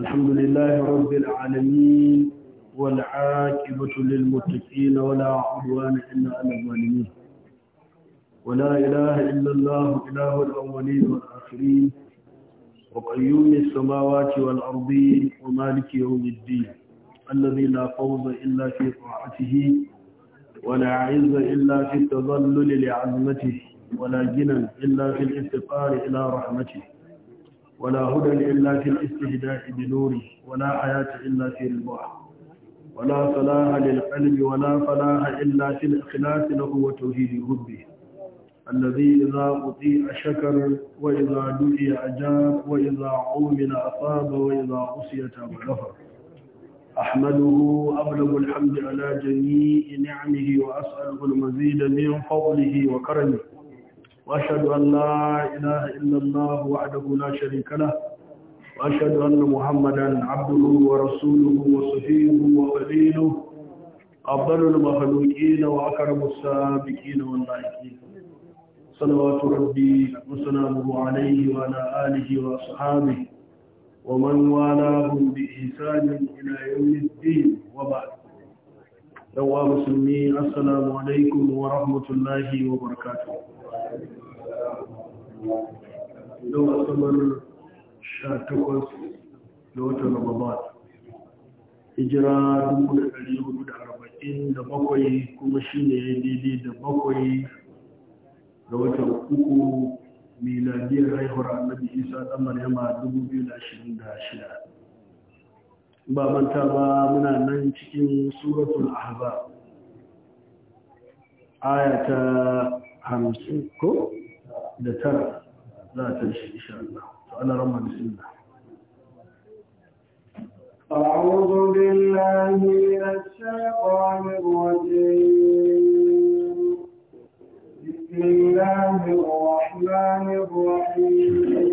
الحمد لله رب العالمين والعاقبة للمتقين ولا عدوان إلا على الظالمين ولا إله إلا الله إله الأولين والآخرين وقيوم السماوات والأرضين ومالك يوم الدين الذي لا فوز إلا في طاعته ولا عز إلا في التظلل لعزمته ولا جنى إلا في الافتقار إلى رحمته ولا هدى إلا في الاستهداء بنوره ولا حياة إلا في رضاه ولا صلاح للقلب ولا فلاح إلا في الإخلاص له وتوحيد ربه الذي إذا أطيع شكر وإذا دعي أجاب وإذا عومل أصاب وإذا عصي تاب غفر أحمده أبلغ الحمد على جميع نعمه وأسأله المزيد من فضله وكرمه وأشهد أن لا إله إلا الله وحده لا شريك له وأشهد أن محمدا عبده ورسوله وصفيه وخليله أفضل المخلوقين وأكرم السابقين واللائقين صلوات ربي وسلامه عليه وعلى آله وأصحابه ومن والاهم بإحسان إلى يوم الدين وبعد yawa musulmi assalamu alaikum wa rahmatullahi wa barakatu yau asabar 18 da watan ramadan hijira 1447 kuma shi ne daidai da bakwai da watan uku miladiyar haihuwar annabi isa ɗan maryama 2026 ba manta ba muna nan cikin suratul ahba ayata ta 50 ko da tara za ta shi insha Allah to Allah rahma bismillah أعوذ بالله الشيطان الرجيم بسم الله الرحمن الرحيم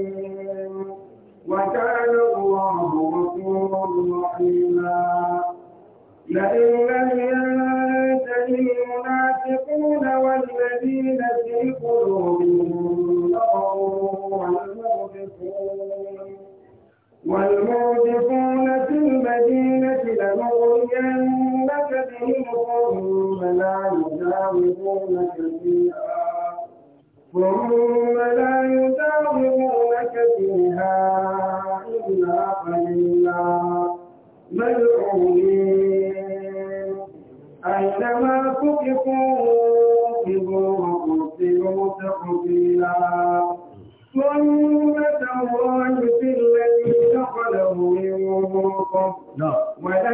لئن لم ينتهي المنافقون والذين في قلوبهم مرض والمرجفون والمرجفون في المدينة لنغرينك بهم ثم لا يجاورونك فيها ثم لا يجاورونك فيها إلا قليلا ملعونين أينما تقفوا إبوه قتلوا تقتيلا سنة الله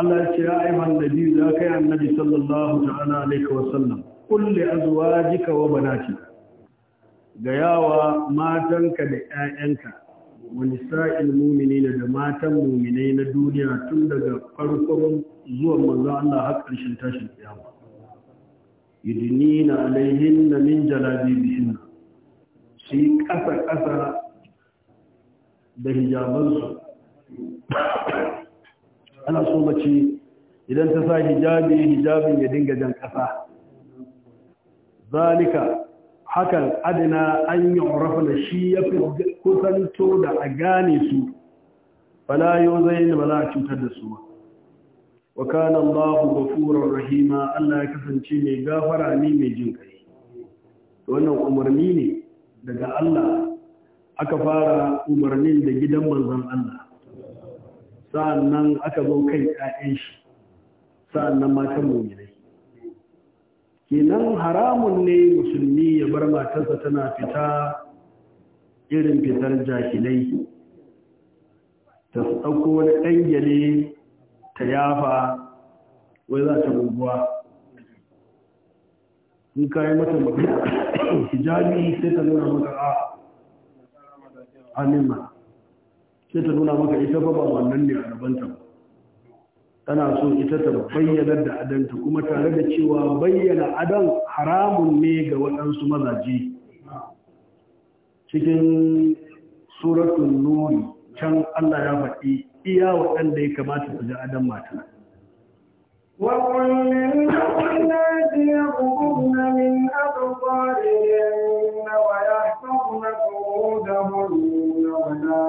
Allah ce ya aiman da za ka yi annabi sallallahu ta'ala alaika wasallam kulle azuwa jika wa banaki ga yawa matanka da 'ya'yanka Sa'il nisa'il mu'minina da matan mu'minai na duniya tun daga farkon zuwan manzo Allah har ƙarshen tashin kiyama yudnina na min Su shi ƙasa ƙasa da hijabansu ana so mace idan ta sa hijabi hijabin ya dinga jan ƙasa zalika hakan adina an yi rafana shi ya fi kusanto da a gane su Bala yau zai ne ba a cutar da su ba wa kana ga furar rahima Allah ya kasance mai gafara ne mai jin kai wannan umarni ne daga Allah aka fara umarnin da gidan manzan Allah nan aka zo kai 'ya'yan shi nan matan mu'minai kenan haramun ne musulmi ya bar matarsa tana fita irin fitar jahilai ta ɗauko wani ɗangale ta yafa wai za ta guguwa in kayi mata magana hijabi sai ta nuna maka ah, a anima sai ta nuna maka ita ba ba wannan ne a gabanta ba tana so ita ta bayyana da adanta kuma tare da cewa bayyana adan haramun ne ga waɗansu mazaje cikin suratun nuri can Allah ya faɗi iya waɗanda ya kamata su ji adan mata وَقُلْ لِلْمُؤْمِنَاتِ يَغْضُضْنَ مِنْ أَبْصَارِهِنَّ وَيَحْفَظْنَ فُرُوجَهُنَّ وَلَا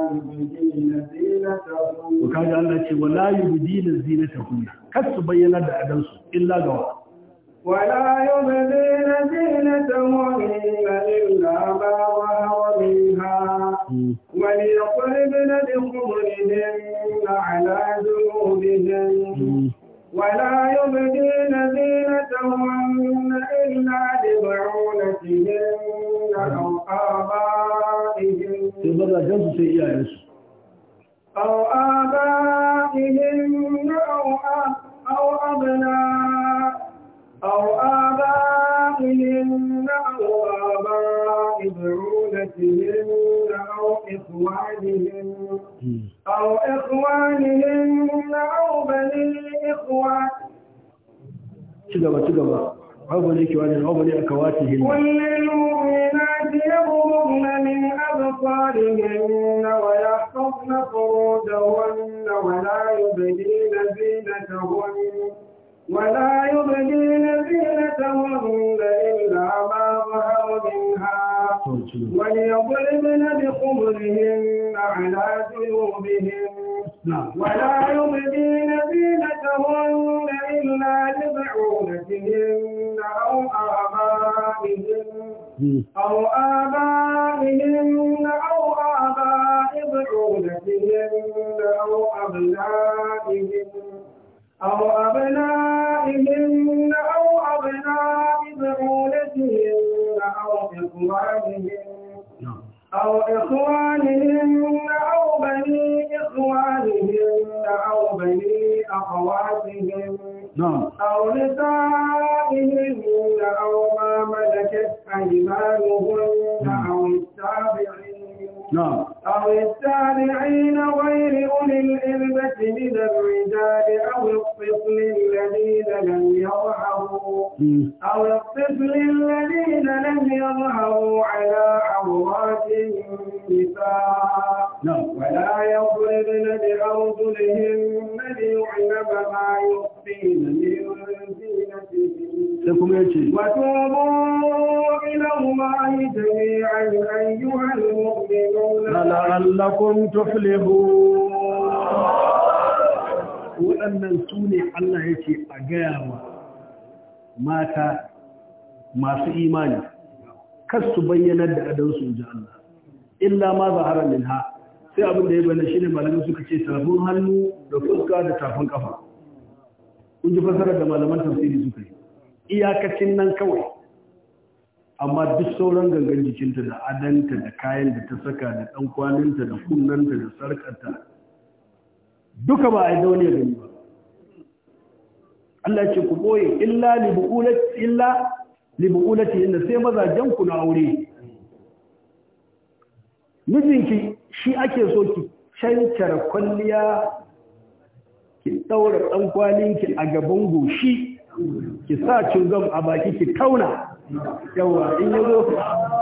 kaga Allah ce wala yubdina zinatahunna su bayyana da adansu illa ga wa wala yubdina zinatahunna illa ma wa minha wa bi ala ولا يبدين زينتهن إلا لبعولتهن أو آبائهن. جنس يسوع. أو آبائهن أو أو أبناء أو آبائهن أو آباء بعولتهن أو إخوانهن أو إخوانهن أو بني إخوان. شو عبلك وعن عبل أكواتهن كل المؤمنات يغضبن من أبصارهن ويحفظن فروجهن ولا يبدين زينتهن ولا يبدين زينتهن إلا ما ظهر منها وليضربن بخمرهن على جيوبهن ولا يبدين زينتهن إلا لبعولتهن أو آبائهن أو آبائهن أو آباء بعولتهن أو أبنائهن أو أبنائهن أو أبناء بعولتهن أو إخوانهن أو إخوانهن أو بني إخوانهن أو بني أخواتهن أو نسائهن أو ما ملكت أيمانهن أو التابعين أو التابعين غير أولي الإربة من الرجال أو الطفل الذين لم يظهروا أو الطفل الذين لم يظهروا على عورات النساء نعم. ولا يضربن بأرجلهن ليعلم ما يخفين من sai kuma ya ce waɗannan su ne Allah a gaya wa mata masu imani kas su bayyanar da adansu ji Allah illa ma zahara minha sai abin da ya bayyana shine malamin suka ce sabon hannu da fuska da tafin kafa kun ji fasarar da malaman tafsiri suka yi iyakacin nan kawai amma duk sauran gangan jikinta da adanta da kayan da ta saka da ɗan kwaninta da kunnanta da sarkata duka ba a yi daune gani ba Allah ce ku ɓoye illa libu'ulati inda sai mazajen ku na aure mijinki shi ake so ki cancara kwalliya ki ɗaura ɗan kwaninki a gaban goshi ki sa cingam a baki ki kauna yawa in yazo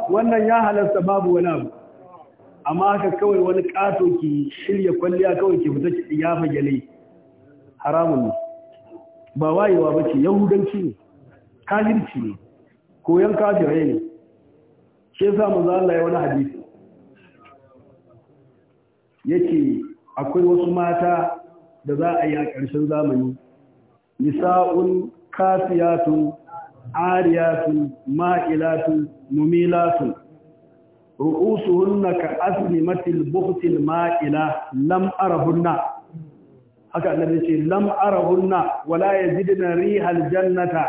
wannan ya halarta babu wani abu amma haka kawai wani kato ki shirya kwalliya kawai ki fita ki yafa gele haramun ne ba wayewa bace yahudanci ne kafirci ne koyan kafirai ne shi yasa manzo Allah ya wani hadisi yake akwai wasu mata da za a yi a ƙarshen zamani nisa'un kasiyatun ariyatun ma'ilatun mumilatun ru'usuhunna ka aslimatil buhtil ma'ila lam arahunna haka annabi ce lam arahunna wala yazidna rihal jannata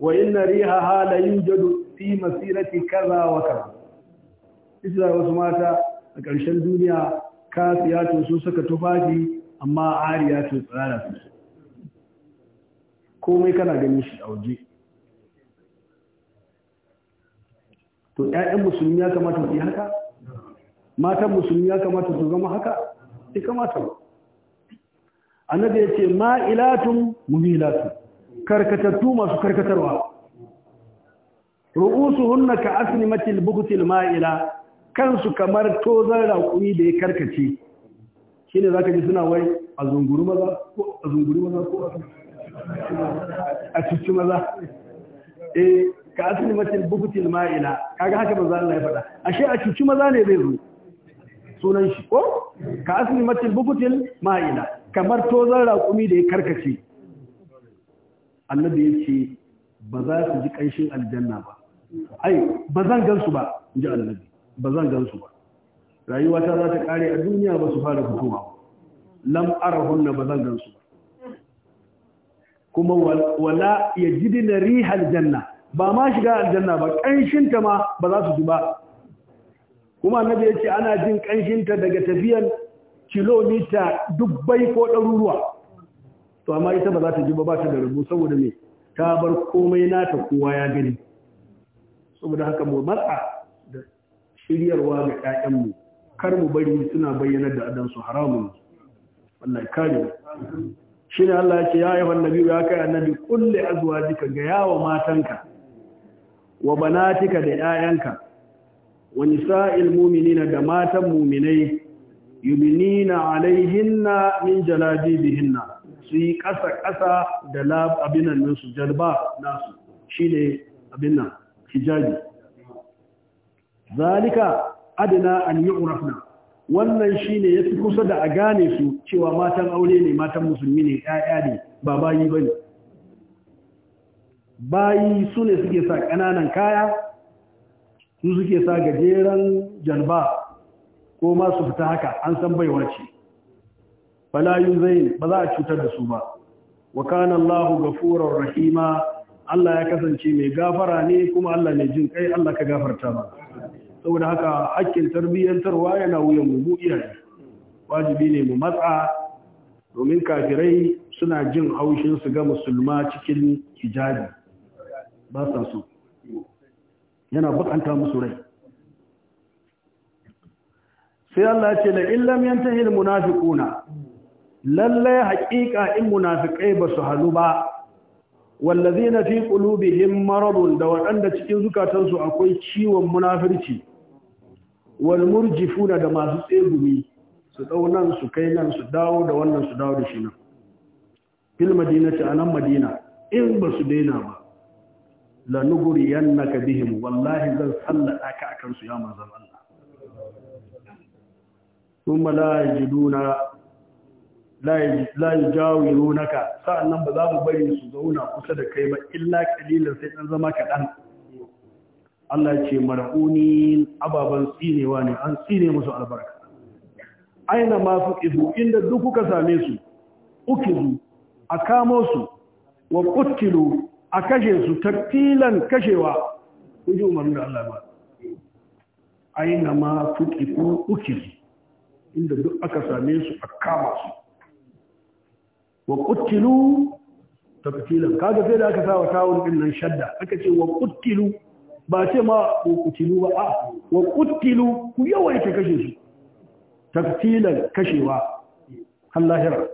wa inna rihaha la yujadu fi masirati kaza wa kaza isa wasu mata a ƙarshen duniya kasiyatun su saka tufafi amma ariyatun tsara su komai kana ganin shi a waje to ƴaƴan musulmi ya kamata su yi haka matan musulmi ya kamata su zama haka ya kamata ba annabi ya ce ma'ilatun mumilatun karkatattu masu karkatarwa Ru'usu hunna ka asnimatil bukutil ma'ila kansu kamar tozar raƙumi da ya karkace za ka ji suna wai a zunguru maza ko a zunguru maza ko a a cuci maza eh ka asali matil bukutil ma'ila kaga haka manzo Allah ya faɗa ashe a cuci maza ne zai zo sunan shi ko ka asali matil bukutil ma'ila kamar to zan raƙumi da ya karkace annabi ya ce ba za su ji ƙanshin aljanna ba ai ba zan gansu ba in ji annabi ba zan gansu ba rayuwata za ta kare a duniya ba su fara fitowa lam arahunna ba zan gansu ba kuma wala ya na rihar janna ba ma shiga aljanna ba Ƙanshinta ma ba za su ji ba kuma annabi ce ana jin ƙanshinta daga tafiyan kilomita dubbai ko ɗaruruwa to amma ita ba za ta ji ba ba ta da rubu saboda me ta bar komai na ta kowa ya gani saboda haka mu matsa da shiryarwa ga ƴaƴanmu kar mu bari suna bayyanar da adansu haramun Allah ya kare shine Allah ya ce ya ayyuhan nabiyyu ya kai annabi kulli azwajika ga yawo matanka wa banatika da 'ya'yanka wa nisa'il mu'minina da matan mu'minai yuminina alaihinna min jalabibihinna su yi ƙasa-ƙasa da abinan nasu jalba nasu shine abinan hijabi zalika adina an yi urafna wannan shi ne ya fi kusa da a gane su cewa matan aure ne matan musulmi ne ƴaƴa ne ba bayi ba ne. bayi su ne suke sa ƙananan kaya su suke sa gajeren janba ko ma su fita haka an san baiwa ce zai zai ba za a cutar da su ba wa kana Allahu rahima Allah ya kasance mai gafara ne kuma Allah ne jin kai Allah ka gafarta ba saboda haka hakkin tarbiyyantarwa yana wuyan mu iyaye wajibi ne mu matsa domin kafirai suna jin haushin su ga musulma cikin hijabi ba sa so yana bukanta musu rai sai Allah ce la illam yantahi munafiquna lallai haƙiƙa in munafiqai ba su halu ba wallazina fi qulubihim maradun da waɗanda cikin zukatansu akwai ciwon munafirci wal murjifuna da masu tsegumi su dau nan su kai nan su dawo da wannan su dawo da shi nan fil madinati anan madina in ba su daina ba la nugriyannaka bihim wallahi zan sallaka ka akan su ya manzon Allah kuma la yajiduna la yajawirunaka sa'annan ba za mu bari su zauna kusa da kai ba illa qalilan sai dan zama kaɗan. Allah ce mara'uni ababen tsinewa ne an tsine musu albarka aina ma su izu inda duk kuka same su ukizu a kamo su wa kuttilu a kashe su tattilan kashewa kuji umarni da Allah ba aina ma su ukizu inda duk aka same su a kama su wa kuttilu tattilan kaga sai da aka sa wa tawun ɗin nan shadda aka ce wa kuttilu ba ce ma ku kutilu ba a wa kutilu ku yawaita kashe su taktilan kashewa allahira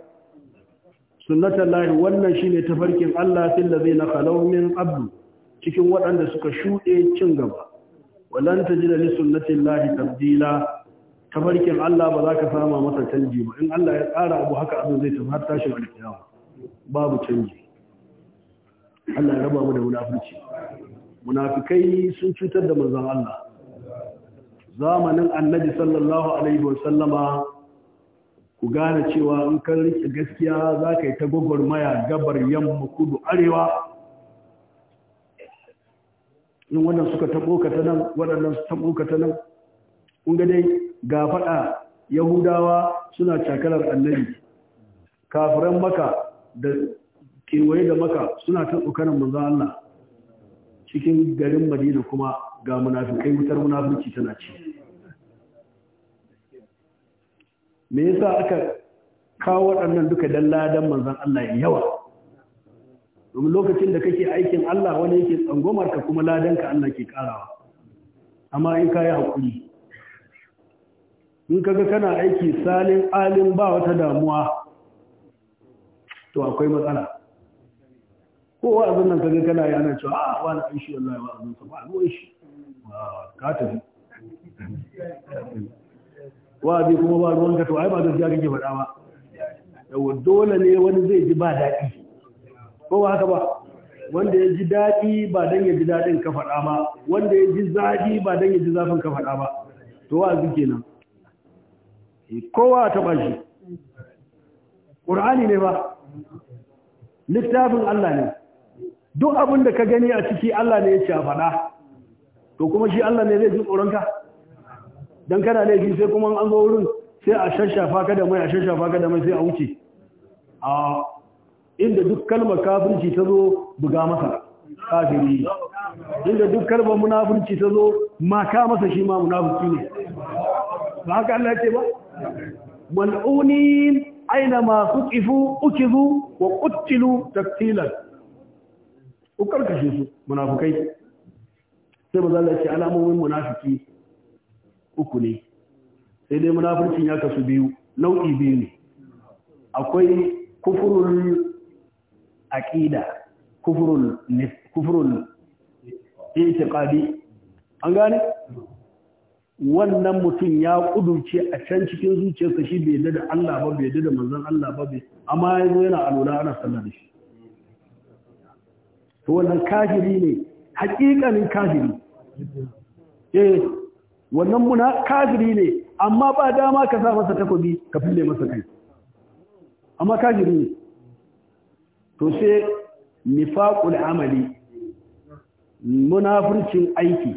sunnatan lahi wannan shine tafarkin Allah fil zai na min abdu cikin waɗanda suka shuɗe cin gaba walan da li sunnatin lahi tabdila tafarkin Allah ba za ka sama masa canji ba in Allah ya tsara abu haka abin zai tafi har tashin alkiyama babu canji Allah ya raba mu da munafurci munafikai sun cutar da manzon Allah zamanin annabi sallallahu alaihi wasallama ku gane cewa in kan rike gaskiya za ka yi ta gwagwarmaya gabar yamma kudu arewa in wannan suka taɓo ka ta nan waɗannan su taɓo ka ta nan kun ga dai ga faɗa yahudawa suna cakalar annabi kafiran maka da kewaye da maka suna ta tsokanin manzan Allah cikin garin madina kuma ga munafikai wutar munafunci tana ci me yasa aka kawo waɗannan duka dan ladan manzon Allah ya yawa domin lokacin da kake aikin Allah wani yake tsangomar ka kuma ladan ka Allah ke karawa amma in ka yi hakuri in kaga kana aiki salin alin ba wata damuwa to akwai matsala kowa abin nan kaga kana yi nan cewa a ah, wani an shi wallahi wa abin sa ba ruwan shi ka tafi wa bi kuma ba ruwan ka to ai ba gaskiya kake faɗa ba yawa dole ne wani zai ji ba daɗi ko ba haka ba wanda ya ji daɗi ba dan ya ji daɗin ka faɗa ba wanda ya ji zaɗi ba dan ya ji zafin ka faɗa ba to wa zuke ko eh, kowa ta ba shi ƙur'ani ne ba littafin Allah ne duk abin da ka gani a ciki Allah ne ya ce a faɗa to kuma shi Allah ne zai ji tsoronka don kana laifi sai kuma an zo wurin sai a shashafa ka da mai a shashafa ka da mai sai a wuce a inda duk kalmar kafirci ta zo buga masa kafiri inda duk kalmar munafurci ta zo maka masa shi ma munafurci ne ba haka Allah ce ba mal'unin aina ma suqifu ukizu wa qutilu taktilan ku karkashe su munafukai sai manzo da ya ce alamomin munafiki uku ne sai dai munafurcin ya kasu biyu nau'i biyu ne akwai kufurul aqida kufurul kufurul itiqadi an gane wannan mutum ya kudurce a can cikin zuciyarsa shi bai da Allah ba bai da manzon Allah ba bai amma yana alwala ana sallar da shi to wannan kafiri ne hakikanin kafiri eh wannan muna kafiri ne amma ba dama ka sa masa takobi ka fille masa kai amma kafiri ne to sai nifaqul amali munafircin aiki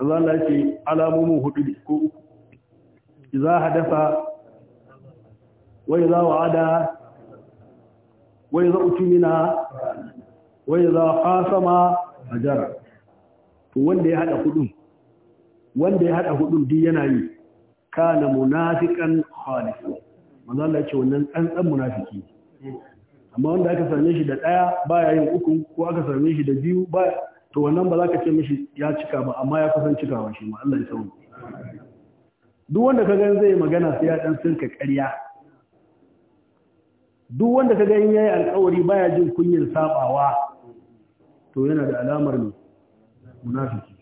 Allah ce alamomin hudu ko iza hadafa wa iza wa'ada wa iza utmina wai za hasama a to wanda ya hada hudun wanda ya hada hudun duk yana yi kana munafiqan khalisan manzo Allah ya ce wannan tsantsan munafiki amma wanda aka same shi da daya baya yin uku ko aka same shi da biyu ba to wannan ba za ka ce mishi ya cika ba amma ya kusan cika wa shi ma Allah ya sauke duk wanda ka gani zai magana sai ya dan sirka ƙarya duk wanda ka gani yi alƙawari baya jin kunyin sabawa to yana da alamar ne munafiki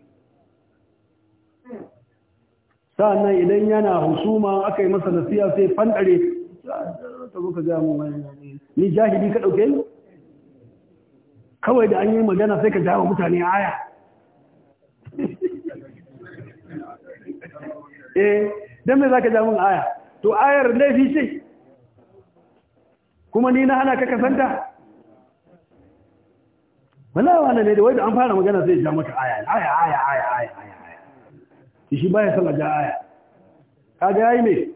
sa'annan idan yana husuma aka yi masa nasiya sai fandare ni jahili ka dauke ni kawai da an yi magana sai ka jawo mutane aya eh dan me zaka jawo mun aya to ayar laifi ce kuma ni na hana ka kasanta wala ne ne da wai da an fara magana zai ja maka aya aya aya aya aya aya shi baya sallah ja aya kaga yayi me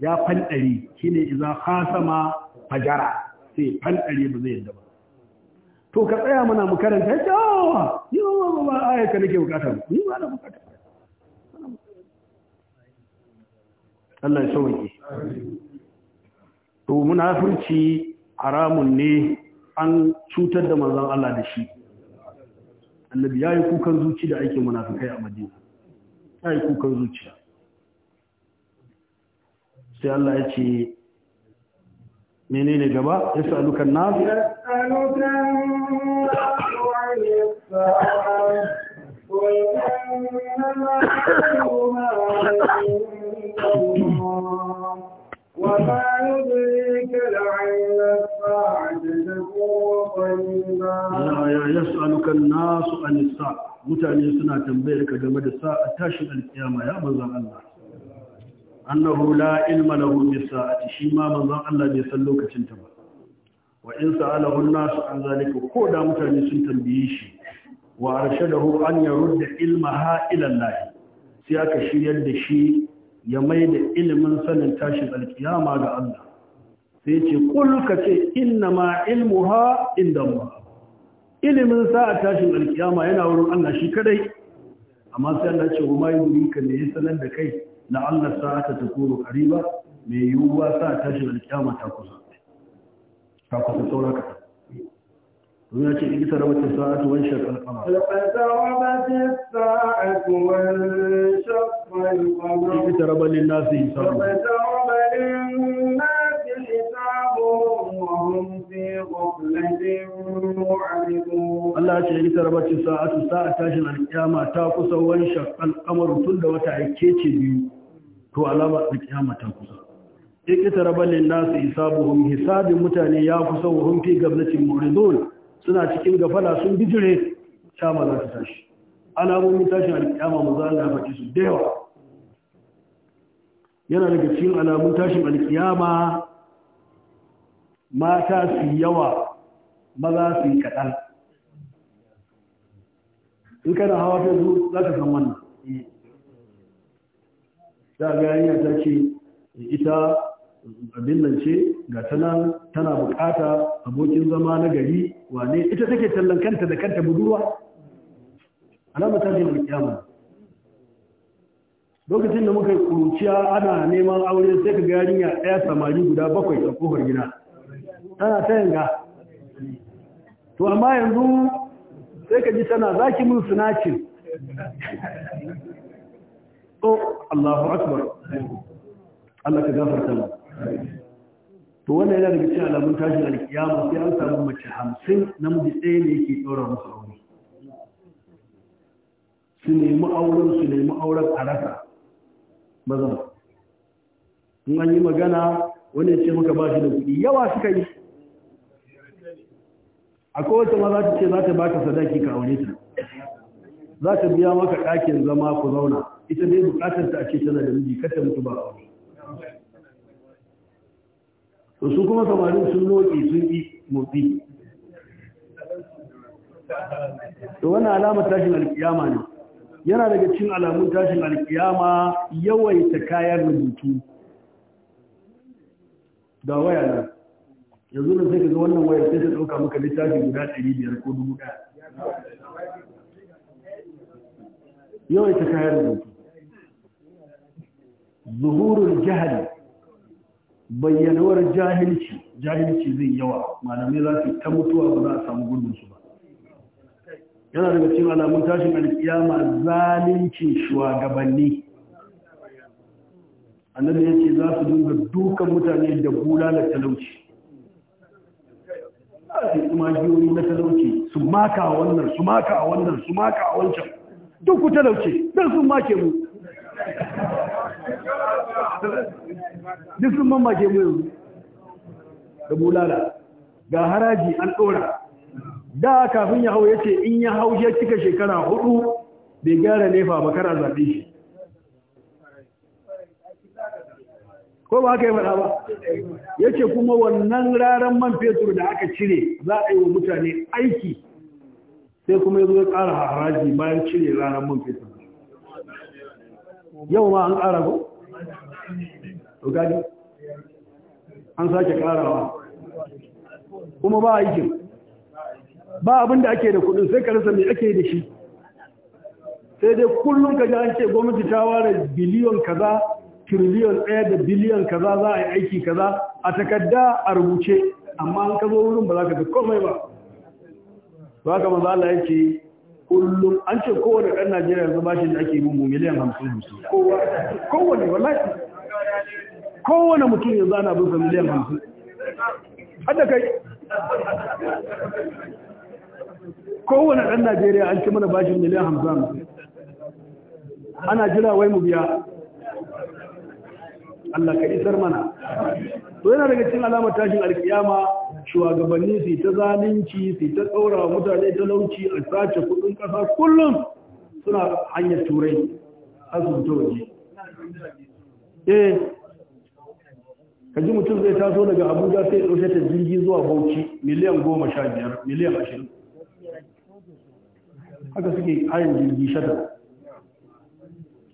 ya fandari shine idza khasama fajara sai fandari ba zai yadda ba to ka tsaya mana mu karanta yace oh ni ba ba aya ka nake bukata ni ba na bukata Allah ya sauke to furci haramun ne an cutar da manzan Allah da shi annabi ya yi kukan zuci da aikin munafikai a madina ya yi kukan zuciya sai Allah ya ce menene gaba ya sa salukan na وما يدريك لعل الساعة تكون قريبا يسألك الناس عن الساعة mutane suna tambayar ka game da sa'a tashin alkiyama ya manzan Allah annahu la ilma lahu bi sa'ati shi ma manzan Allah bai san lokacin ta ba wa in sa'alahu an-nasu an zalika ko da mutane sun tambaye shi wa arshadahu an yarudda ilmaha ila Allah sai aka shiryar da shi ya mai da ilimin sanin tashin alkiyama ga Allah sai ce kul ka ce inna ma ha inda ma ilimin sa tashin alkiyama yana wurin Allah shi kadai amma sai Allah ce wa mai ka ne sanar da kai na Allah ta takunu qariba mai yuwa sa tashin alkiyama ta kusa ta kusa sauraka هناك اقتربت الساعة وانشق القمر اقتربت الساعة وانشق القمر اقترب للناس حسابهم اقترب للناس حسابهم وهم في غفلة معرضون الله تعالى اقتربت الساعة الساعة تاشن القيامة تاقص وانشق القمر تند وتعكيت بيو تو علامة القيامة تاقص اقترب للناس حسابهم حساب متاني يا وهم في غفلة معرضون suna cikin gafala sun bijire kiyama za ta tashi alamomin tashin alkiyama maza Allah ya faɗi su da yawa yana daga cikin alamun tashin alkiyama mata su yawa maza su yi kaɗan in kana hawa ta facebook za ka san wannan da ga yanya ta ce ita abin nan ce ga tana tana bukata abokin zama na gari wane ita take tallan kanta da kanta budurwa alama ta jin lokacin da muka kuruciya ana neman aure sai ka ga yarinya ɗaya samari guda bakwai a kofar gida tana ta yanga to amma yanzu sai ka ji tana zaki mun sunacin oh Allahu akbar Allah ka gafarta mu to wannan yana daga cikin alamun tashin alkiyama sai an samu mace hamsin namiji ɗaya ne yake ɗora musu aure su nemi auren su nemi auren a rasa mazan in an yi magana wani ce muka ba shi da kuɗi yawa suka yi akwai wata ma za ta ce za ta baka sadaki ka aure ta za ta biya maka ɗakin zama ku zauna ita dai bukatar ta a ce tana da miji kata mutu ba aure to su kuma samarin sun loke sun yi motsi to wannan alamar tashin alkiyama ne yana daga cin alamun tashin alkiyama yawaita kayan rubutu da waya na yanzu da sai ka ga wannan waya sai ta ɗauka maka littafi guda ɗari biyar ko dubu ɗaya yawaita kayan rubutu zuhurul jahali bayyanawar jahilci jahilci zai yawa malamai za su ta mutuwa ba za a samu gudun su ba yana daga cikin alamun tashin alkiyama zalincin shugabanni annabi ya ce za su dinga dukan mutane da da talauci za su yi na talauci su maka a wannan su maka a wannan su maka a wancan duk ku talauci don sun make mu duk sun mamake mu yanzu da bulala ga haraji an ɗora da kafin ya hau ya ce in ya hau ya cika shekara hudu bai gyara nefa ba kara zaɓe shi ko ba haka yi faɗa ba ya ce kuma wannan raran man fetur da aka cire za a yi wa mutane aiki sai kuma ya zo ya ƙara haraji bayan cire raran man fetur yau ma an ƙara ko to an sake karawa kuma ba aikin ba abin da ake da kudin sai ka rasa mai ake da shi sai dai kullum ka ji an ce gwamnati ta ware biliyon kaza tiriliyon ɗaya da biliyon kaza za a yi aiki kaza a takarda a rubuce amma an kazo wurin ba za ka ga komai ba ba ka maza Allah yake kullum an ce kowane ɗan Najeriya yanzu bashin da ake yi mu miliyan hamsin hamsin kowane wallahi kowane mutum yanzu ana bin miliyan hamsin hadda kai kowane ɗan najeriya an ci mana bashin miliyan hamsin ana jira wai mu biya Allah ka isar mana to yana daga cikin alamar tashin alkiyama shugabanni su ta zalunci su ta tsaura mutane talauci a sace kudin kasa kullum suna hanyar turai asibiti waje eh ka ji mutum zai taso daga abuja sai ɗauke ta jirgi zuwa bauchi miliyan goma sha biyar miliyan ashirin haka suke hayan jirgi shata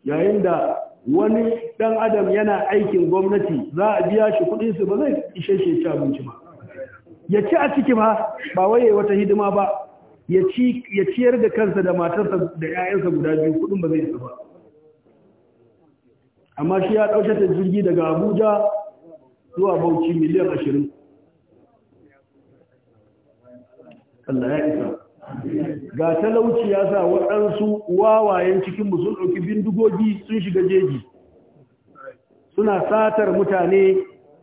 yayin da wani ɗan adam yana aikin gwamnati za a biya shi kuɗinsu ba zai ishe shi ci abinci ba ya ci a ciki ba ba waye wata hidima ba ya ciyar da kansa da matarsa da 'ya'yansa guda biyu kuɗin ba zai isa ba amma shi ya ɗauke ta jirgi daga abuja zuwa bauchi miliyan ashirin Allah ya isa ga talauci ya sa waɗansu wawayen cikin sun ɗauki bindigogi sun shiga jeji suna satar mutane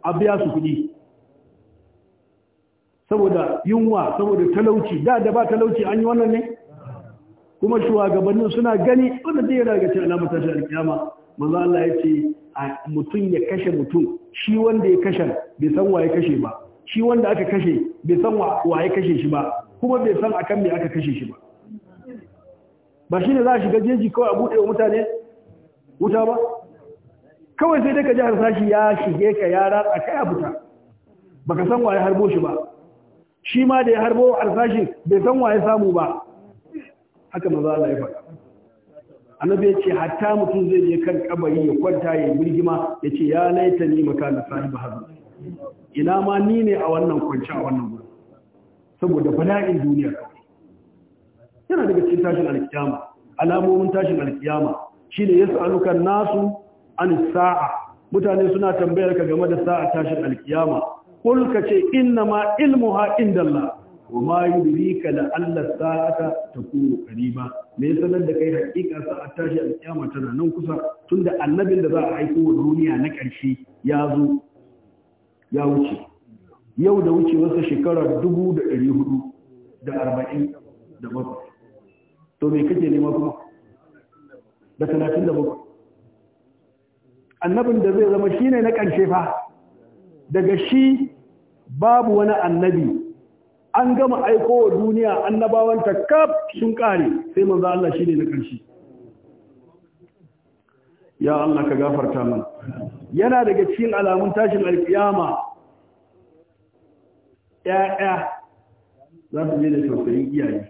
a biya su kuɗi saboda yunwa saboda talauci da da ba talauci an yi wannan ne kuma shugabannin suna gani wanda zai yana daga cikin alamar tashi alkiyama Maza Allah ya ce mutum ya kashe mutum shi wanda ya kashe bai san wa kashe ba shi wanda aka kashe bai san wa kashe shi ba kuma bai san akan me aka kashe shi ba ba shine za a shiga jeji kawai a bude wa mutane wuta ba kawai sai dai ka ji harsashi ya shige ka ya ratsa ka a fita baka san waye harbo shi ba shi ma da ya harbo harsashi bai san waye samu ba haka maza Allah ya faɗa annabi ya ce hatta mutum zai je kan kabari ya kwanta ya birgima ya ce ya laita ni da sahibi hazu ina ma ni ne a wannan kwanci a wannan gudu saboda bala'in duniya yana daga cikin tashin alkiyama alamomin tashin alkiyama shine alukan nasu an sa'a mutane suna tambayar ka game da sa'a tashin alkiyama kul ka ce innama ilmuha indallah wa ma yudrika la alla sa'ata takunu qariba me ya sanar da kai hakika sa a tashi alƙiyama tana nan kusa tunda annabin da za a aiko wa duniya na ƙarshe ya zo ya wuce yau da wuce wasu shekarar dubu da ɗari hudu da arba'in da bakwai to me kake nema kuma da talatin da bakwai annabin da zai zama shine na ƙarshe fa daga shi babu wani annabi an gama aiko wa duniya annabawanta kaf sun kare sai manzo Allah shi ne na ƙarshe ya Allah ka gafarta mana yana daga cikin alamun tashin alkiyama Ya'ya za su je da tausayin iyaye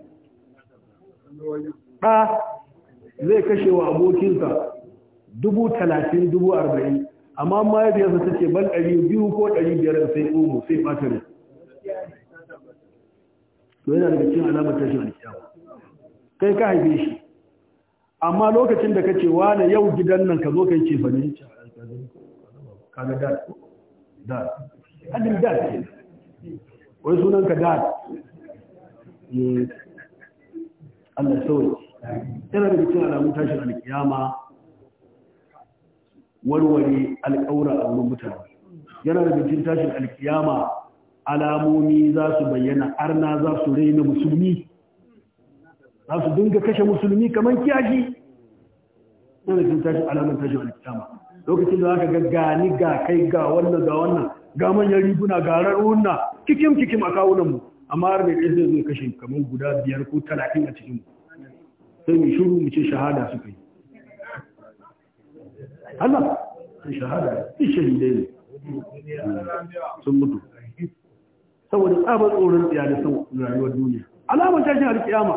ɗa zai kashe wa abokinsa dubu talatin dubu arba'in amma mahaifiyarsa ta ce ban ɗari biyu ko ɗari biyar sai umu sai ɓata to yana daga cikin alamar tashin alkiyama kai ka haife shi amma lokacin da kace wani yau gidan nan ka zo kai ce fa ne kaga dad dad adin dad wai sunan ka dad eh. Allah sauri yana daga cikin alamun tashin alkiyama warware alƙawura a wurin mutane yana daga cikin tashin alkiyama alamomi za su bayyana arna za su raina musulmi za su dinga kashe musulmi kamar kiyashi na da tashi alamun tashi wani kyama lokacin da aka gani ga kai ga wannan ga wannan ga manyan riguna ga rarruna kikim kikim a kawunanmu amma har mai ɗaya zai kashe kamar guda biyar ko talatin a mu. sai mu shuru mu ce shahada suka yi Allah shahada shi shahidai ne sun mutu saboda tsabar tsoron tsiya da sau rayuwar duniya alamun tashin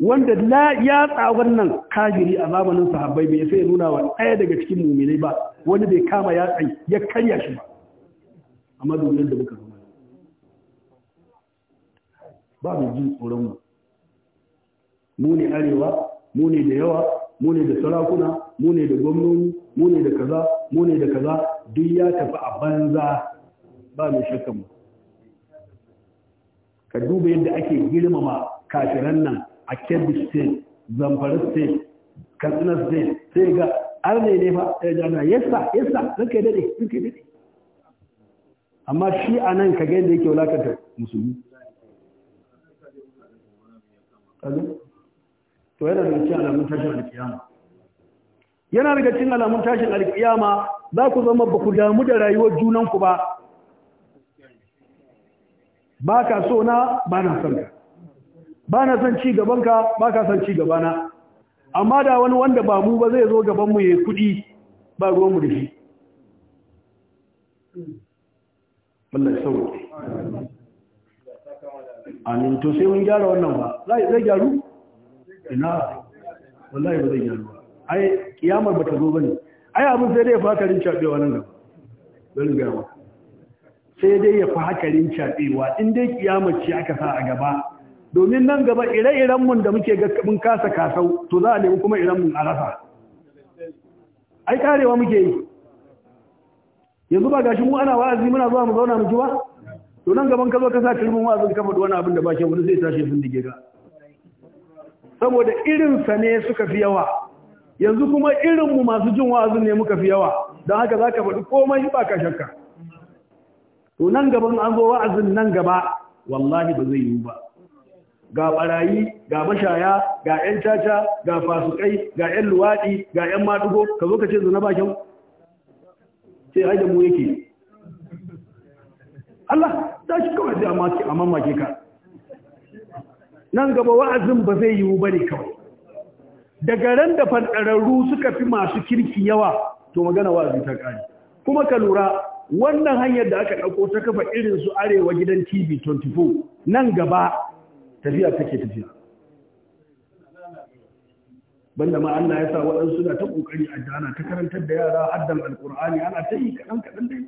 wanda la ya tsawon nan kafiri a zamanin sahabbai bai sai nuna wa ɗaya daga cikin muminai ba wani bai kama ya tsayi ya karya shi ba amma duniyar da muka zama ba mu jin tsoron mu mu ne arewa mu ne da yawa mu ne da sarakuna mu ne da gwamnoni mu ne da kaza mu ne da kaza duk ya tafi a banza ba mai shakka mu ka duba yadda ake girmama kafiran nan a kebbi state zamfara state katsina state sai ga arne ne fa ya jana yasa yasa suke kai daɗe sun kai daɗe amma shi a nan ka gani da yake wulakanta musulmi to yana daga cikin alamun tashin alkiyama yana daga cikin alamun tashin alkiyama za ku zama ba ku damu da rayuwar junanku ba ba ka so na ba na son ka ba na son ci gaban ka ba ka son ci gabana amma da wani wanda ba mu ba zai zo gaban mu yayi kudi ba ruwan mu da shi Allah ya amin to sai mun gyara wannan ba zai gyaru ina wallahi ba zai gyaru ba ai kiyamar ba ta zo bane ai abin sai dai fatarin chabewa nan gaba zan gyara maka sai dai ya fi hakarin caɓewa in dai ce aka sa a gaba domin nan gaba ire-irenmu da muke mun kasa kasau to za a nemi kuma irenmu a rasa ai karewa muke yi yanzu ba gashi mu ana wa'azi muna zuwa mu zauna mu ji ba to nan gaban ka zo ka sa kalmin wa'azin ka faɗi wani abin da ba ke wani zai tashi sun dige ka saboda irinsa ne suka fi yawa yanzu kuma irin mu masu jin wa'azin ne muka fi yawa don haka za ka faɗi komai ba ka shakka to nan gaban an zo wa'azin nan gaba wallahi ba zai yi ba ga barayi ga mashaya ga yan caca ga fasukai ga yan luwaɗi ga yan madugo ka zo ka ce zuna bakin sai ai da mu yake Allah ta shi kawai sai a mamake ka nan gaba wa'azin ba zai yiwu ne kawai daga ran da fanɗararru suka fi masu kirki yawa to magana wa'azi ta ƙari kuma ka lura wannan hanyar da aka ɗauko ta kafa irin su arewa gidan tv 24 nan gaba tafiya take tafiya banda ma Allah ya sa waɗansu na ta ƙoƙari a jana ta karantar da yara haddan alƙur'ani ana ta yi kaɗan kaɗan dai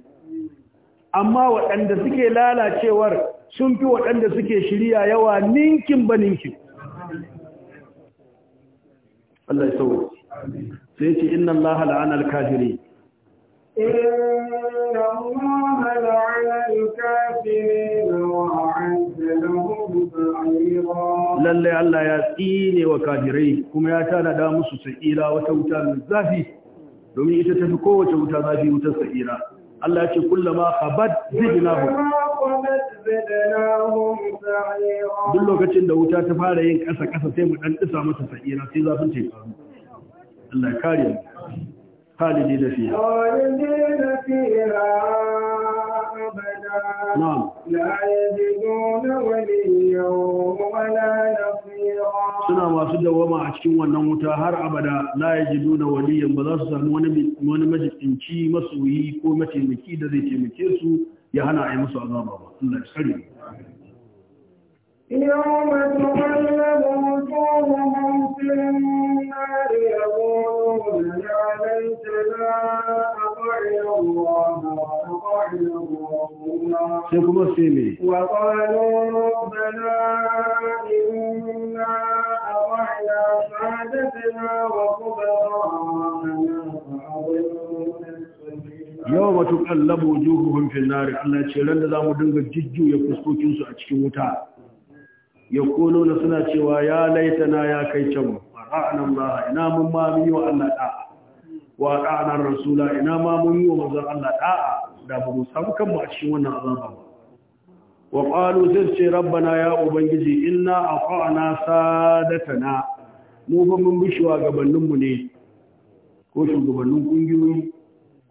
amma waɗanda suke lalacewar sun fi waɗanda suke shirya yawa ninkin ba ninkin Allah ya sauwa sai ce inna Allah la'ana al-kafirin إن Allah ya الكافرين وأعد wa سعيرا kuma ya يسقيني وكافرين كما Sa'ira wata wuta وتوتان zafi. domin ita tafi kowace wuta zafi wutar sa'ira Allah ya ce kullama khabat zidnahum duk lokacin da wuta ta fara yin ƙasa ƙasa sai mu ɗan disa masa sa'ira sai zafin ta Allah ya kare mu خالدين فيها خالدين فيها أبدا نعم لا يجدون وليا ولا نصيرا سنة ما سد وما أشكي ونموتا هر أبدا لا يجدون وليا بذلك وانا مجد انشي مسوي كومتي مكيدة ذي تمكيسو يهنا أي مسو عذابا الله يسعرين Sai kuma sai ne. Wa ƙwano bala iya wa matuƙan labo juhu hunfin nari, Allah ce ran da za mu dinga jijju ya a cikin wuta. na suna cewa ya laita na ya kai can ra'ana Allah ina mun ma mun yi wa Allah ɗa'a? wa ra'ana rasula ina ma mun yi wa manzon Allah da'a da ba mu samu kanmu a cikin wannan azaba ba wa qalu ce rabbana ya ubangiji inna aqana sadatana mu ba mun bi shugabannin mu ne ko shugabannin kungiyoyi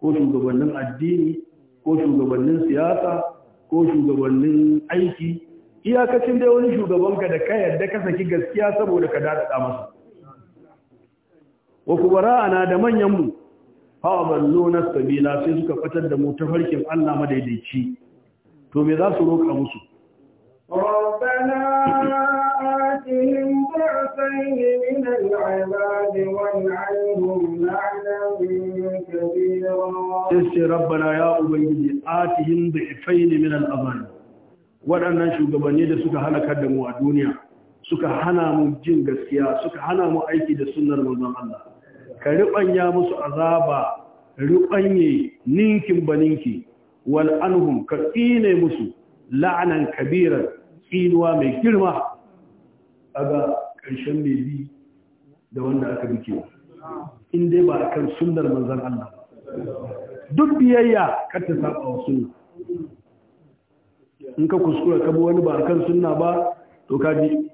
ko shugabannin addini ko shugabannin siyasa ko shugabannin aiki iyakacin dai wani shugabanka da ka yadda ka saki gaskiya saboda ka dada masa wa ana da manyanmu hawaballo na sabila sai suka fatar da mu ta farkin Allah madaidaici to me za su roƙa musu ربنا آتهم ضعفين من العذاب والعنهم لعنا كبيرا ربنا waɗannan shugabanni da suka halakar da mu a duniya suka hana mu jin gaskiya suka hana mu aiki da sunnar manzon Allah ka riɓanya musu azaba riɓanye ninkin baninki wal anhum ka tsine musu la'anan kabira tsinuwa mai girma aga ƙarshen mai da wanda aka bi kewa in dai ba a kan sunnar manzon Allah duk biyayya kar ta saba wa sunna in ka kuskura ka bi wani ba kan sunna ba to ka ji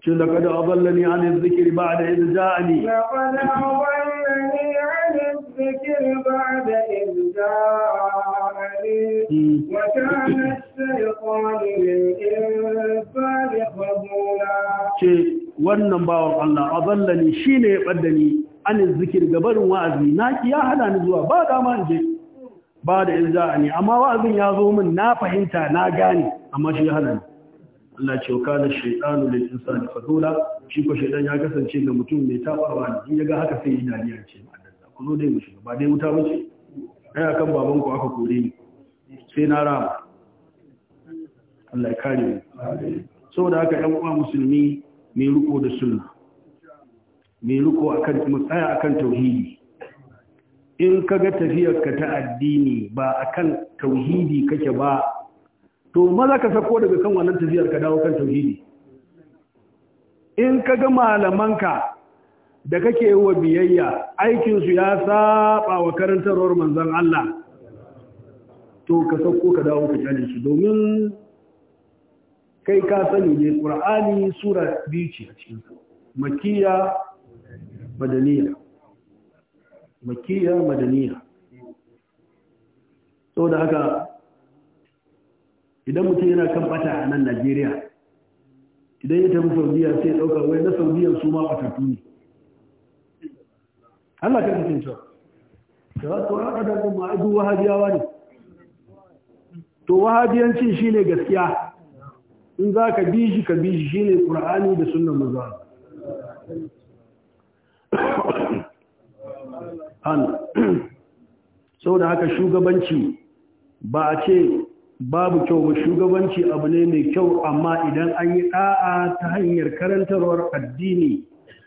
shin da kada adallani an zikir ne? idh ja'ani laqad adallani an zikir ba'da idh ja'ani hmm. wa kana ash ce wannan bawon Allah shi ne ya ɓaddani an zikir gabarin wa'azi na ki ya hada ni zuwa ba dama in je ba da in za a ne amma wa'azin ya zo min na fahimta na gane amma shi ya ne Allah ce ka da shaitanu da insani fadula shi ko shaitan ya kasance ga mutum mai tabarwa ne in ya ga haka sai yi dariya ce ma ku zo dai mu shiga ba dai wuta mace ce kan baban ku aka kore ni sai na rama Allah ya kare mu saboda haka ɗan uwa musulmi mai riko da sunna mai riko akan mu tsaya akan tauhidi in ka ga tafiyarka ta addini ba a kan tauhidi kake ba to maza ka sako daga kan wannan tafiyar ka dawo kan tauhidi in ka ga malamanka da kake wa biyayya aikinsu ya saba wa karantarwar manzan Allah to ka sako ka dawo ka kyale su domin kai ka sani ne ƙur'ani sura biyu ce a cikin makiya badaniya makiyya madaniya sau da haka idan mutum yana kan bata a nan najeriya idan ya tafi saudiya sai ya wai na saudiya su ma batattu ne allah kan cikin cewa da wasu raɗaɗa kuma a duk wahabiyawa ne to wahabiyancin shi ne gaskiya in za ka bi shi ka bi shi shi ne ƙura'ani da sunan mazuwa an saboda haka shugabanci ba a ce babu kyau ba shugabanci abu ne mai kyau amma idan an yi ɗa'a ta hanyar karantarwar addini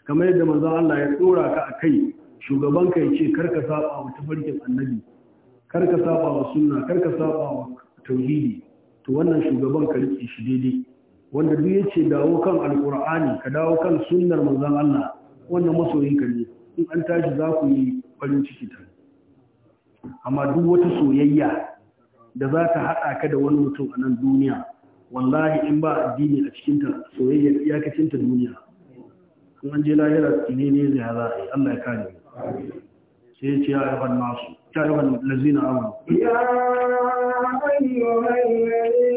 kamar yadda manzon Allah ya tsora ka akai shugaban ka yace karka saba wa tafarkin annabi karka saba wa sunna karka saba wa tauhidi to wannan shugaban ka rike shi daidai wanda duk yace dawo kan alqur'ani ka dawo kan sunnar manzon Allah wannan masoyin ka ne in an tashi za ku yi farin ciki ta amma duk wata soyayya da za ta haɗa ka da wani mutum a nan duniya wallahi in ba addini a cikinta soyayya ya iyakacinta duniya kuma je lahira ne ne zai haza Allah ya kare سيتي يا أيها الناس يا أيها الذين آمنوا يا أيها الذين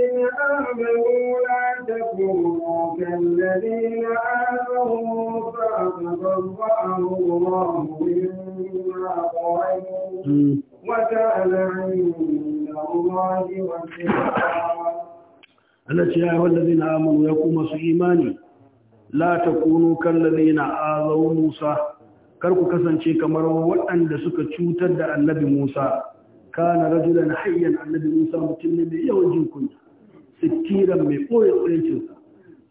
آمنوا لا تكونوا كالذين آمنوا فأتبرأه الله مما قالوا وكان عند الله وكيلا التي يا أيها الذين آمنوا يقوموا في إيماني لا تكونوا كالذين آذوا موسى kar ku kasance kamar waɗanda suka cutar da annabi Musa kana rajulan hayyan annabi Musa mutum ne mai yawan jin kunya sikiran mai ɓoye tsayancin sa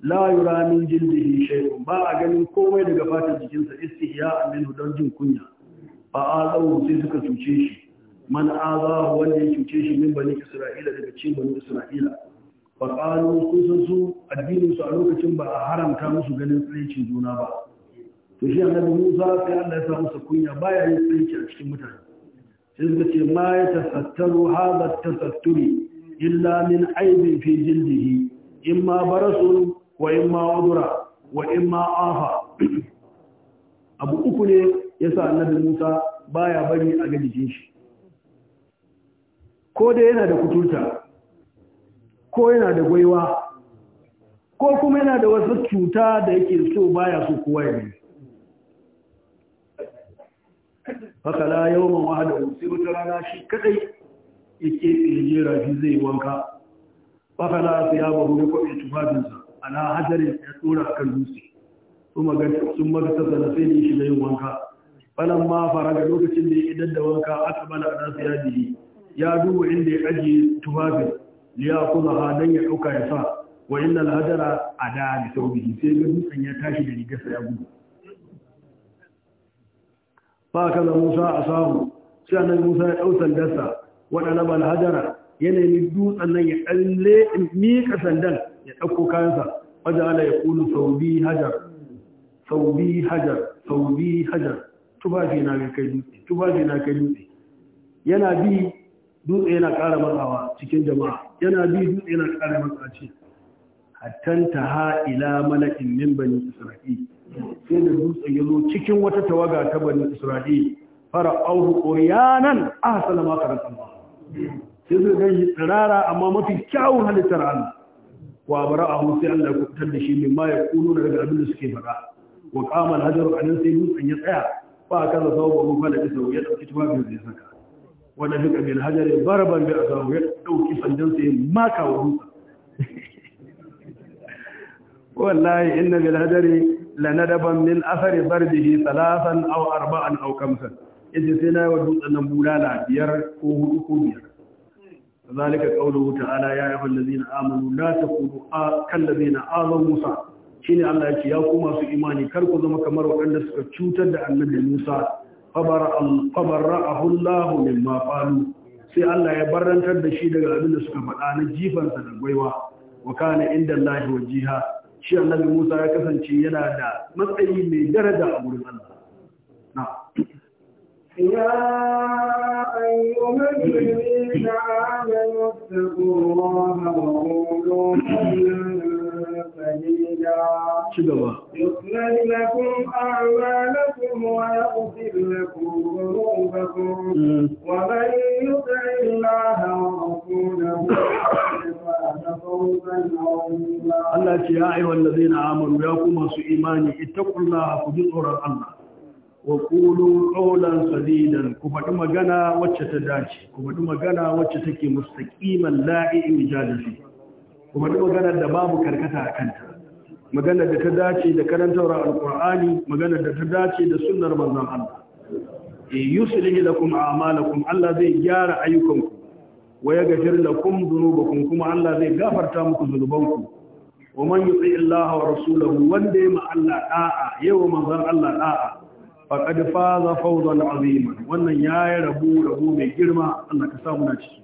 la yura min jildihi shay'un ba a ganin komai daga fatar jikinsa istihya minhu don jin kunya A azawu sai suka cuce shi man aza wanda ya cuce shi min bani Isra'ila daga cikin bani Isra'ila fa qalu sun su addinin su a lokacin ba a haramta musu ganin tsayancin juna ba to shi annabi Musa sai Allah ya sa masa kunya baya yin tsanki a cikin mutane sai suka ce ma ya tasattaru hadha tasatturi illa min aibin fi jildihi imma barasu wa imma udura wa imma afa abu uku ne yasa annabi Musa baya bari a ga jikin shi ko da yana da kuturta ko yana da gwaiwa ko kuma yana da wasu cuta da yake so baya so kowa ya gani haka la yawman wahada sai wata rana shi kadai yake jera rafi zai wanka haka la ya bahu ya kwaɓe tufafinsa na hajjarin ya tsora kan dutse sun maga tattala sai ne shiga yin wanka falan ma fara ga lokacin da ya idan da wanka aka bala da su yaji ya duba inda ya ajiye tufafin liya kuma ha dan ya ɗauka ya sa wa inna a a da bi saubihi sai ga dutsen ya tashi da rigarsa ya gudu Ba fa kaza musa a asahu sai annabi musa ya dau sandarsa wadana bal hajara yanayin dutsen nan ya dalle mika sandan ya ɗauko kayansa waje ala ya sau biyu, hajar saubi hajar saubi hajar tufafi na kai dutse tufafi na kai dutse yana bi dutse yana ƙara matsawa cikin jama'a yana bi dutse yana ƙara matsawa cikin hattanta ha ila mala'in min bani isra'i. sai da dutsen ya zo cikin wata tawaga ta bani isra'i fara auru ƙoriyanan a hasala ma karanta ba sai su gan tsirara amma mafi kyawun halittar Allah wa bara a sai Allah ya kubutar da shi mai ma ya kuno daga abin da suke faɗa wa kamar hajjar a nan sai dutsen ya tsaya ba a kasa sau ba mun fada isa ya ɗauki da zai saka wanda fi ƙabil ya baraban bai a ya ɗauki sandansa ya maka wa dutsen wallahi inna bil hadari lanadaban min athari bardihi thalathan aw arba'an aw kamsan sai na wa dutsen nan bulala biyar ko hudu ko biyar zalika qawluhu ta'ala ya ayyuhal ladzina amanu la takunu kal ladzina azaw musa shine Allah yake ya ku masu imani kar ku zama kamar waɗanda suka cutar da annabi Musa fabara'ahu Allah mimma qalu sai Allah ya barantar da shi daga abin da suka faɗa na jifansa da gwaiwa wa kana inda Allah wajiha shi annabi Musa ya kasance yana da matsayi mai daraja a gurin Allah. Na. Ya ayyuhal mu'minuna amanu bi Allahi wa qulu qawlan سبيلا Allah ce ya aiwa lazai na amuru ya kuma su imani ita kulla ku ji tsoron Allah wa kulu ƙaunar sadidan ku faɗi magana wacce ta dace ku faɗi magana wacce take mustaƙiman la'i in jadafi kuma duk maganar da babu karkata a kanta maganar da ta dace da karantar alkur'ani maganar da ta dace da sunnar manzon Allah e eh, yuslihi lakum a'malakum Allah zai gyara ayyukanku wa yaghfir lakum dhunubakum kuma Allah zai gafarta muku zunubanku wa man yuti Allah wa rasulahu wanda ya ma Allah da'a yawa manzon Allah da'a faqad faza fawzan azima wannan yayi rabu rabu mai girma Allah ka samu na ciki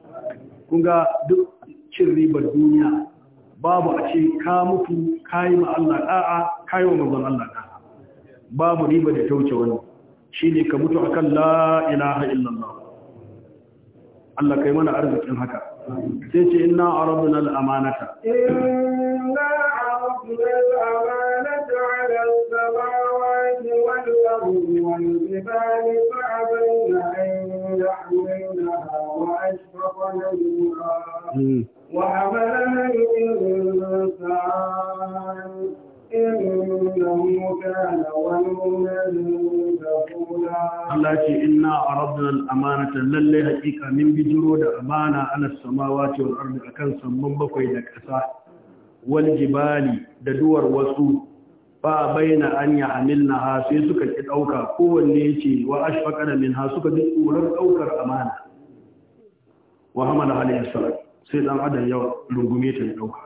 kun ga duk cin ribar duniya babu a ce ka mutu ka yi ma Allah ka yi wa mazan Allah ɗa'a babu riba da ta wuce wani shi ne ka mutu akan la ilaha illallah Allah kai mana arzikin haka sai ce ina a al-amanata inna aradna al وحملها الإنسان إنه كان ظلوما Allah ce inna a rabdun al'amanata lalle hakika min bijiro da amana ana samawa ce wa ardu akan samman bakwai da ƙasa wal jibali da duwar wasu ba bayyana an ya hamilna ha sai suka ki ɗauka kowanne ce wa ashfaqana min ha suka bi tsoron ɗaukar amana wa hamala alayhi sai dan adam ya lungume ta ya dauka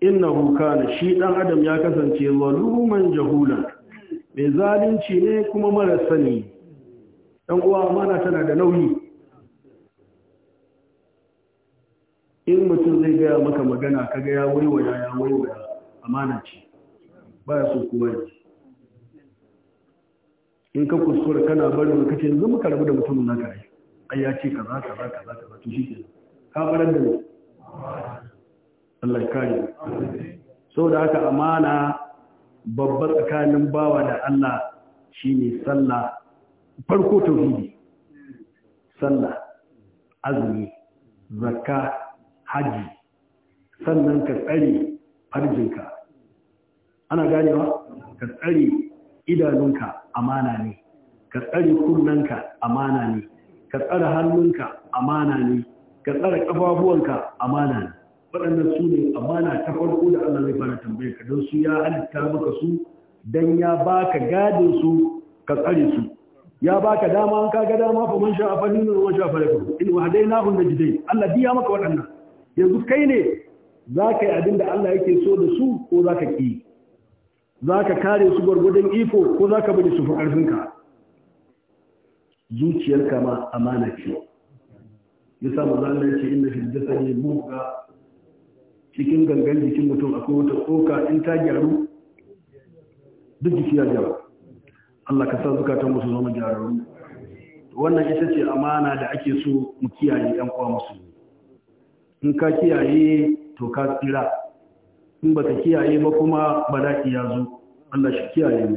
innahu kana shi dan adam ya kasance zaluman jahulan mai zalunci ne kuma mara sani dan uwa amana tana da nauyi in mutum zai gaya maka magana kaga ya waiwaya ya waiwaya amana ce baya so kuma ne in ka kuskura kana bari ka ce yanzu muka rabu da mutumin naka ai ai ya ce kaza kaza kaza kaza to shi shikenan kafarar da ne Allah kare so da haka amana babbar tsakanin bawa da Allah shine sallah farko tauhidi sallah azumi zakka haji sannan ka tsare farjinka ana ganewa ka tsare idanunka amana ne ka tsare kunnanka amana ne ka tsare hannunka amana ne ka tsara kafafuwanka amana waɗannan su ne amana ta farko da Allah zai fara tambayar ka don su ya halitta maka su dan ya baka gadin su ka tsare su ya baka dama an kaga dama fa man sha'a fa ninu wa sha'a fa lakum in wahdainahu jidai. Allah biya maka waɗannan yanzu kai ne zaka yi abinda Allah yake so da su ko zaka ki zaka kare su gwargwadon iko ko zaka bi su fa ƙarfinka? zuciyarka ma amana ce yasa manzo Allah inda ce inna fil jasadi mubga cikin gangan jikin mutum a kuma tsoka in ta gyaru duk jiki ya gyara Allah ka sa zukatan musu zama gyararru wannan ita ce amana da ake so mu kiyaye yan kwa musu in ka kiyaye to ka tsira in baka kiyaye ba kuma bala'i ya zo Allah shi kiyaye mu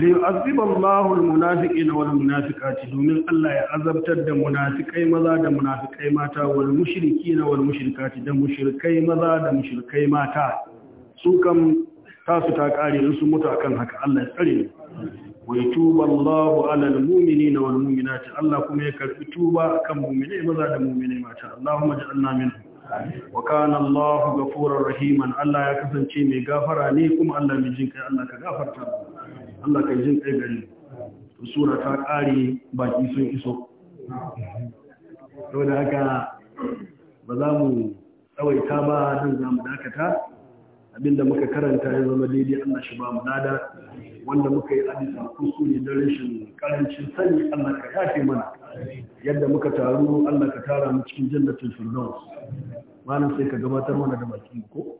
liyu'azzib Allahu al-munafiqina wal munafiqati domin Allah ya azabtar da munafikai maza da munafikai mata wal mushrikina wal mushrikati da mushrikai maza da mushrikai mata su kam ta su ta kare su mutu akan haka Allah ya tsare wa yatuba Allahu ala al-mu'minina wal mu'minati Allah kuma ya karbi tuba akan mu'mine maza da mu'mine mata Allahumma ja'alna minhum wa kana Allah Allah ya kasance mai gafara ne kuma Allah mai jin kai Allah ka gafarta Allah ka jin kai gari sura ta kare baki sun iso to da haka ba za mu tsawaita ba nan za mu dakata abinda muka karanta ya zama daidai Allah shi ba mu nada wanda muka yi da hadisin ne da rashin karancin sani Allah ka yafe mana yadda muka taru Allah ka tara mu cikin jannatin firdaus malam sai ka gabatar mana da baki ko